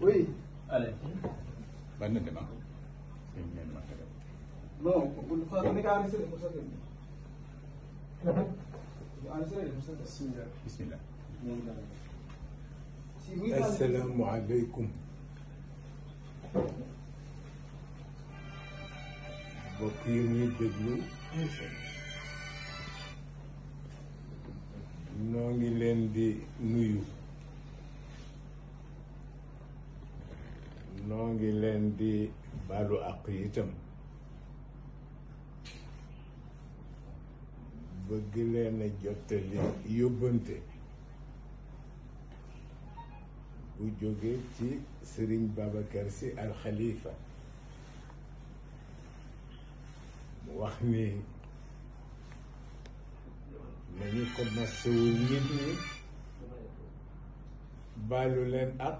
Oui. Allez. Ah. Ah. Non, Bismillah. Assalamu aleykum mbokk yi ñuy déglu noo leen di nuyu noo ngi leen di baalu àq itam bëgg leen jottali yóbbante bu jóge ci sëriñ Babacar si alxalifa wax ni nañu ko masawu nit ñi baalu leen àq